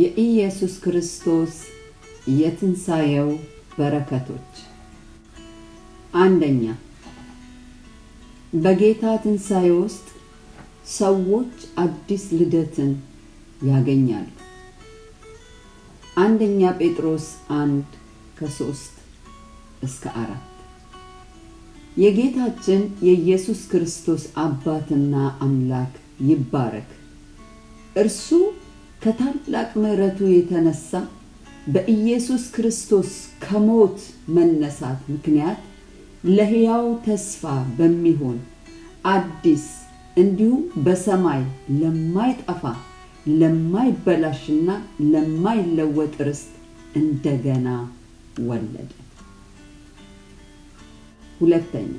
የኢየሱስ ክርስቶስ የትንሣኤው በረከቶች አንደኛ፣ በጌታ ትንሣኤ ውስጥ ሰዎች አዲስ ልደትን ያገኛሉ። አንደኛ ጴጥሮስ አንድ ከሶስት እስከ አራት የጌታችን የኢየሱስ ክርስቶስ አባትና አምላክ ይባረክ። እርሱ ከታላቅ ምሕረቱ የተነሳ በኢየሱስ ክርስቶስ ከሞት መነሳት ምክንያት ለሕያው ተስፋ በሚሆን አዲስ እንዲሁም በሰማይ ለማይጠፋ ለማይበላሽና ለማይለወጥ ርስት እንደገና ወለደ። ሁለተኛ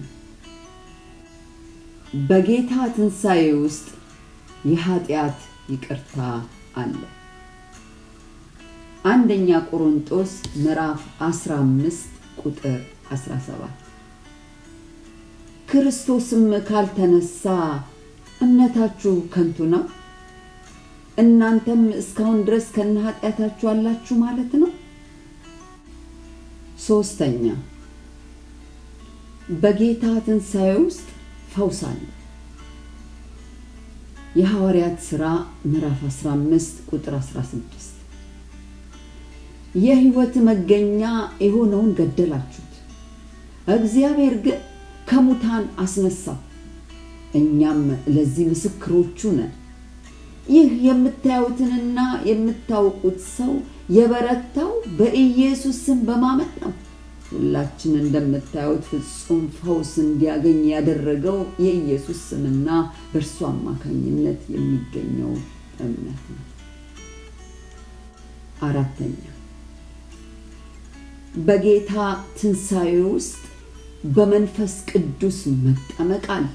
በጌታ ትንሣኤ ውስጥ የኃጢአት ይቅርታ አለ። አንደኛ ቆሮንጦስ ምዕራፍ 15 ቁጥር 17 ክርስቶስም ካልተነሳ እምነታችሁ ከንቱ ነው፣ እናንተም እስካሁን ድረስ ከነ ኃጢአታችሁ አላችሁ ማለት ነው። ሶስተኛ በጌታ ትንሣኤ ውስጥ ፈውስ አለ። የሐዋርያት ሥራ ምዕራፍ 15 ቁጥር 16 የሕይወት መገኛ የሆነውን ገደላችሁት፣ እግዚአብሔር ግን ከሙታን አስነሳው፣ እኛም ለዚህ ምስክሮቹ ነን። ይህ የምታዩትንና የምታውቁት ሰው የበረታው በኢየሱስ ስም በማመን ነው። ሁላችን እንደምታዩት ፍጹም ፈውስ እንዲያገኝ ያደረገው የኢየሱስ ስምና በእርሱ አማካኝነት የሚገኘው እምነት ነው። አራተኛ በጌታ ትንሣኤ ውስጥ በመንፈስ ቅዱስ መጠመቅ አለ።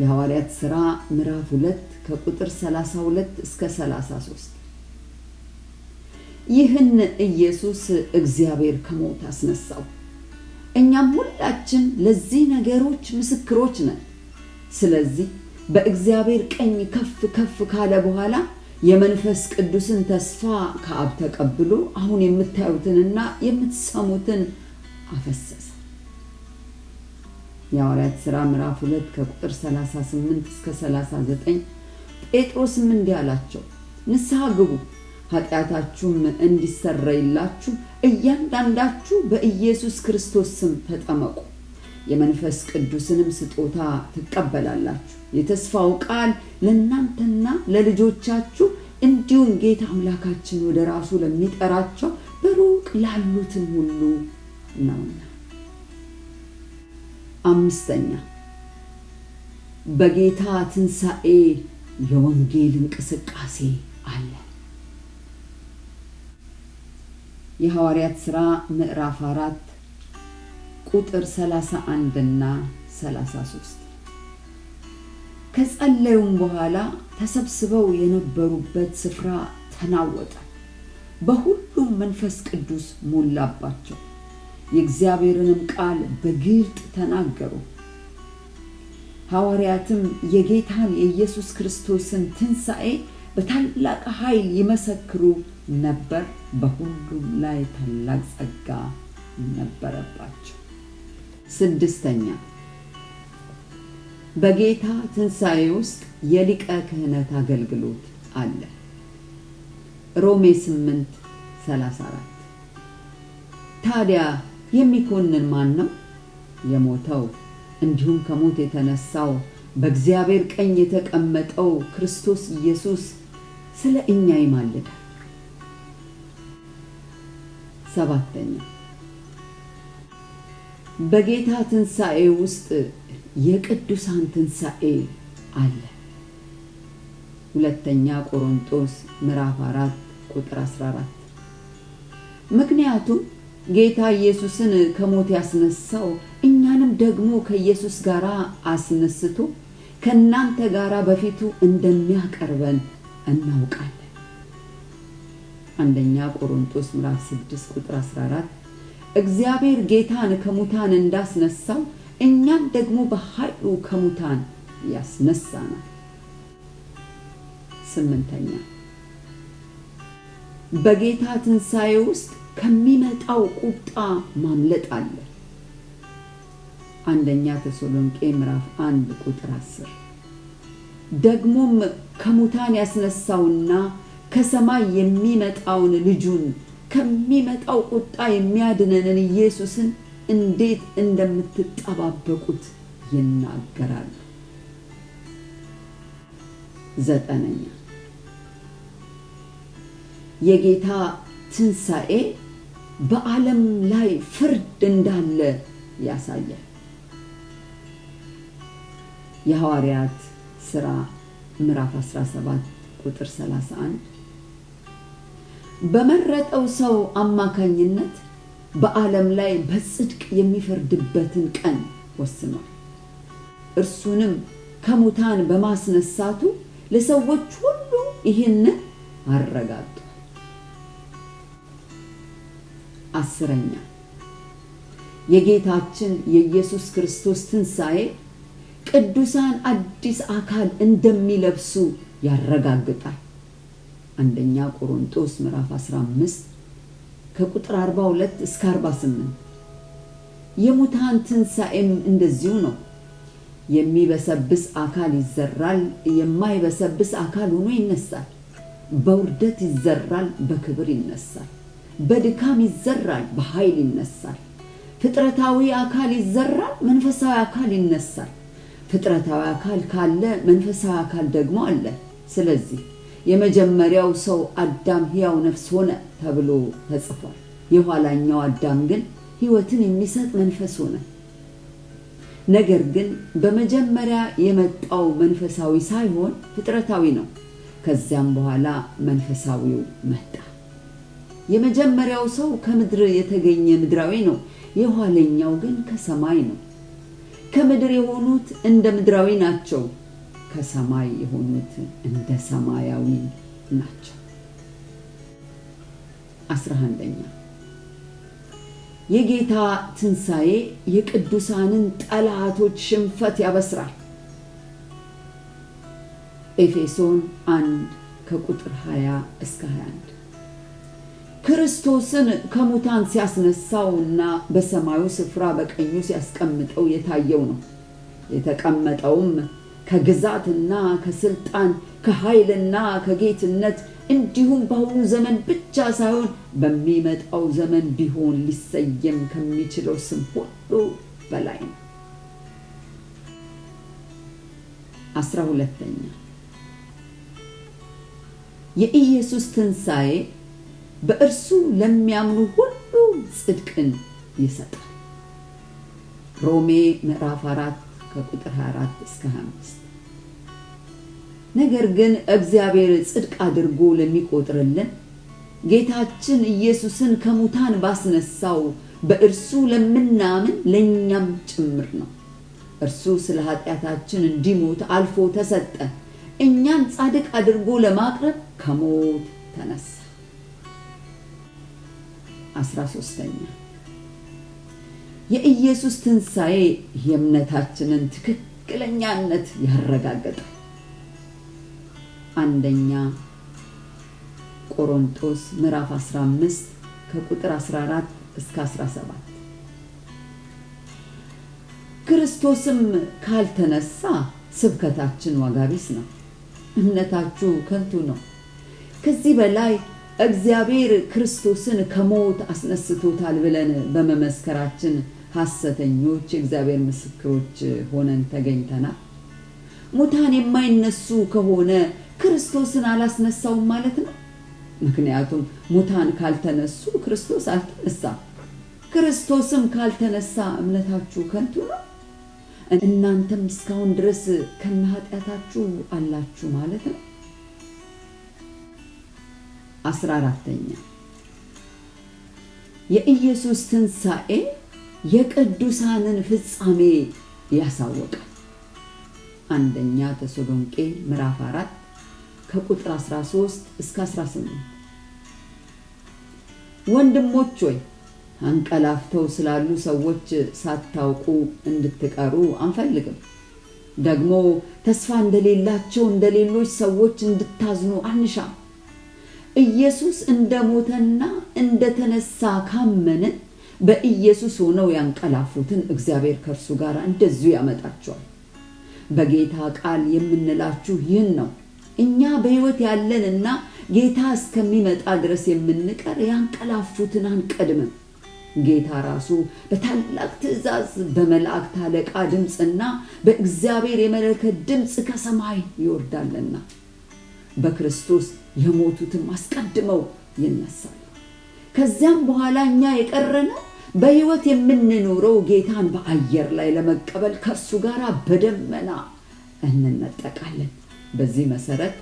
የሐዋርያት ሥራ ምዕራፍ 2 ከቁጥር 32 እስከ 33 ይህን ኢየሱስ እግዚአብሔር ከሞት አስነሳው። እኛም ሁላችን ለዚህ ነገሮች ምስክሮች ነን። ስለዚህ በእግዚአብሔር ቀኝ ከፍ ከፍ ካለ በኋላ የመንፈስ ቅዱስን ተስፋ ከአብ ተቀብሎ አሁን የምታዩትንና የምትሰሙትን አፈሰሰ። የሐዋርያት ሥራ ምዕራፍ 2 ከቁጥር 38 እስከ 39 ጴጥሮስም እንዲህ አላቸው፣ ንስሐ ግቡ ኃጢአታችሁም እንዲሰረይላችሁ እያንዳንዳችሁ በኢየሱስ ክርስቶስ ስም ተጠመቁ፣ የመንፈስ ቅዱስንም ስጦታ ትቀበላላችሁ። የተስፋው ቃል ለእናንተና ለልጆቻችሁ እንዲሁም ጌታ አምላካችን ወደ ራሱ ለሚጠራቸው በሩቅ ላሉትን ሁሉ ነውና። አምስተኛ በጌታ ትንሣኤ የወንጌል እንቅስቃሴ አለ። የሐዋርያት ሥራ ምዕራፍ 4 ቁጥር 31 እና 33 ከጸለዩም በኋላ ተሰብስበው የነበሩበት ስፍራ ተናወጠ፣ በሁሉም መንፈስ ቅዱስ ሞላባቸው፣ የእግዚአብሔርንም ቃል በግልጥ ተናገሩ። ሐዋርያትም የጌታን የኢየሱስ ክርስቶስን ትንሣኤ በታላቅ ኃይል ይመሰክሩ ነበር። በሁሉም ላይ ታላቅ ጸጋ ነበረባቸው። ስድስተኛ በጌታ ትንሣኤ ውስጥ የሊቀ ክህነት አገልግሎት አለ። ሮሜ 8 34 ታዲያ የሚኮንን ማን ነው? የሞተው እንዲሁም ከሞት የተነሳው በእግዚአብሔር ቀኝ የተቀመጠው ክርስቶስ ኢየሱስ ስለ እኛ ይማልዳል። ሰባተኛ በጌታ ትንሣኤ ውስጥ የቅዱሳን ትንሣኤ አለ። ሁለተኛ ቆሮንቶስ ምዕራፍ 4 ቁጥር 14። ምክንያቱም ጌታ ኢየሱስን ከሞት ያስነሳው እኛንም ደግሞ ከኢየሱስ ጋር አስነስቶ ከእናንተ ጋር በፊቱ እንደሚያቀርበን እናውቃለን። አንደኛ ቆሮንቶስ ምዕራፍ 6 ቁጥር 14 እግዚአብሔር ጌታን ከሙታን እንዳስነሳው እኛም ደግሞ በኃይሉ ከሙታን ያስነሳናል። ስምንተኛ በጌታ ትንሣኤ ውስጥ ከሚመጣው ቁጣ ማምለጥ አለ። አንደኛ ተሰሎንቄ ምዕራፍ 1 ቁጥር 10 ደግሞም ከሙታን ያስነሳውና ከሰማይ የሚመጣውን ልጁን ከሚመጣው ቁጣ የሚያድነንን ኢየሱስን እንዴት እንደምትጠባበቁት ይናገራሉ። ዘጠነኛ የጌታ ትንሣኤ በዓለም ላይ ፍርድ እንዳለ ያሳያል። የሐዋርያት ሥራ ምዕራፍ 17 ቁጥር 31 በመረጠው ሰው አማካኝነት በዓለም ላይ በጽድቅ የሚፈርድበትን ቀን ወስኗል። እርሱንም ከሙታን በማስነሳቱ ለሰዎች ሁሉ ይህንን አረጋግጧል። አስረኛ የጌታችን የኢየሱስ ክርስቶስ ትንሣኤ ቅዱሳን አዲስ አካል እንደሚለብሱ ያረጋግጣል። አንደኛ ቆሮንቶስ ምዕራፍ 15 ከቁጥር 42 እስከ 48። የሙታን ትንሣኤም እንደዚሁ ነው። የሚበሰብስ አካል ይዘራል፣ የማይበሰብስ አካል ሆኖ ይነሳል። በውርደት ይዘራል፣ በክብር ይነሳል። በድካም ይዘራል፣ በኃይል ይነሳል። ፍጥረታዊ አካል ይዘራል፣ መንፈሳዊ አካል ይነሳል። ፍጥረታዊ አካል ካለ መንፈሳዊ አካል ደግሞ አለ። ስለዚህ የመጀመሪያው ሰው አዳም ሕያው ነፍስ ሆነ ተብሎ ተጽፏል። የኋላኛው አዳም ግን ሕይወትን የሚሰጥ መንፈስ ሆነ። ነገር ግን በመጀመሪያ የመጣው መንፈሳዊ ሳይሆን ፍጥረታዊ ነው። ከዚያም በኋላ መንፈሳዊው መጣ። የመጀመሪያው ሰው ከምድር የተገኘ ምድራዊ ነው። የኋለኛው ግን ከሰማይ ነው። ከምድር የሆኑት እንደ ምድራዊ ናቸው፣ ከሰማይ የሆኑት እንደ ሰማያዊ ናቸው። አስራ አንደኛ የጌታ ትንሣኤ የቅዱሳንን ጠላቶች ሽንፈት ያበስራል። ኤፌሶን 1 ከቁጥር 20 እስከ 21 ክርስቶስን ከሙታን ሲያስነሳውና በሰማዩ ስፍራ በቀኙ ሲያስቀምጠው የታየው ነው። የተቀመጠውም ከግዛትና ከስልጣን ከኃይልና ከጌትነት እንዲሁም በአሁኑ ዘመን ብቻ ሳይሆን በሚመጣው ዘመን ቢሆን ሊሰየም ከሚችለው ስም ሁሉ በላይ ነው። አስራ ሁለተኛ የኢየሱስ ትንሣኤ በእርሱ ለሚያምኑ ሁሉ ጽድቅን ይሰጣል። ሮሜ ምዕራፍ 4 ከቁጥር 24 እስከ 25። ነገር ግን እግዚአብሔር ጽድቅ አድርጎ ለሚቆጥርልን ጌታችን ኢየሱስን ከሙታን ባስነሳው በእርሱ ለምናምን ለእኛም ጭምር ነው። እርሱ ስለ ኃጢአታችን እንዲሞት አልፎ ተሰጠ። እኛን ጻድቅ አድርጎ ለማቅረብ ከሞት ተነሳ። 13ኛ የኢየሱስ ትንሣኤ የእምነታችንን ትክክለኛነት ያረጋገጣል። አንደኛ ቆሮንቶስ ምዕራፍ 15 ከቁጥር 14 እስከ 17 ክርስቶስም ካልተነሳ ስብከታችን ዋጋ ቢስ ነው፣ እምነታችሁ ከንቱ ነው። ከዚህ በላይ እግዚአብሔር ክርስቶስን ከሞት አስነስቶታል ብለን በመመስከራችን ሐሰተኞች የእግዚአብሔር ምስክሮች ሆነን ተገኝተናል። ሙታን የማይነሱ ከሆነ ክርስቶስን አላስነሳውም ማለት ነው። ምክንያቱም ሙታን ካልተነሱ ክርስቶስ አልተነሳም። ክርስቶስም ካልተነሳ እምነታችሁ ከንቱ ነው፣ እናንተም እስካሁን ድረስ ከነ ኃጢአታችሁ አላችሁ ማለት ነው። አስራ አራተኛ የኢየሱስ ትንሣኤ የቅዱሳንን ፍጻሜ ያሳወቃል። አንደኛ ተሰሎንቄ ምዕራፍ 4 ከቁጥር 13 እስከ 18 ወንድሞች ሆይ አንቀላፍተው ስላሉ ሰዎች ሳታውቁ እንድትቀሩ አንፈልግም። ደግሞ ተስፋ እንደሌላቸው እንደሌሎች ሰዎች እንድታዝኑ አንሻም። ኢየሱስ እንደ እንደተነሳ ካመንን በኢየሱስ ሆነው ያንቀላፉትን እግዚአብሔር ከእርሱ ጋር እንደዚሁ ያመጣቸዋል። በጌታ ቃል የምንላችሁ ይህን ነው። እኛ በሕይወት ያለንና ጌታ እስከሚመጣ ድረስ የምንቀር ያንቀላፉትን አንቀድምም። ጌታ ራሱ በታላቅ ትእዛዝ በመላእክት አለቃ ድምፅና በእግዚአብሔር የመለከት ድምፅ ከሰማይ ይወርዳልና በክርስቶስ የሞቱትም አስቀድመው ይነሳሉ። ከዚያም በኋላ እኛ የቀረነ በሕይወት የምንኖረው ጌታን በአየር ላይ ለመቀበል ከሱ ጋር በደመና እንነጠቃለን። በዚህ መሰረት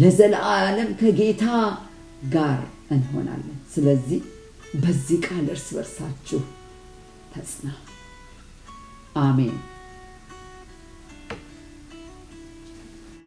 ለዘላለም ከጌታ ጋር እንሆናለን። ስለዚህ በዚህ ቃል እርስ በርሳችሁ ተጽና። አሜን።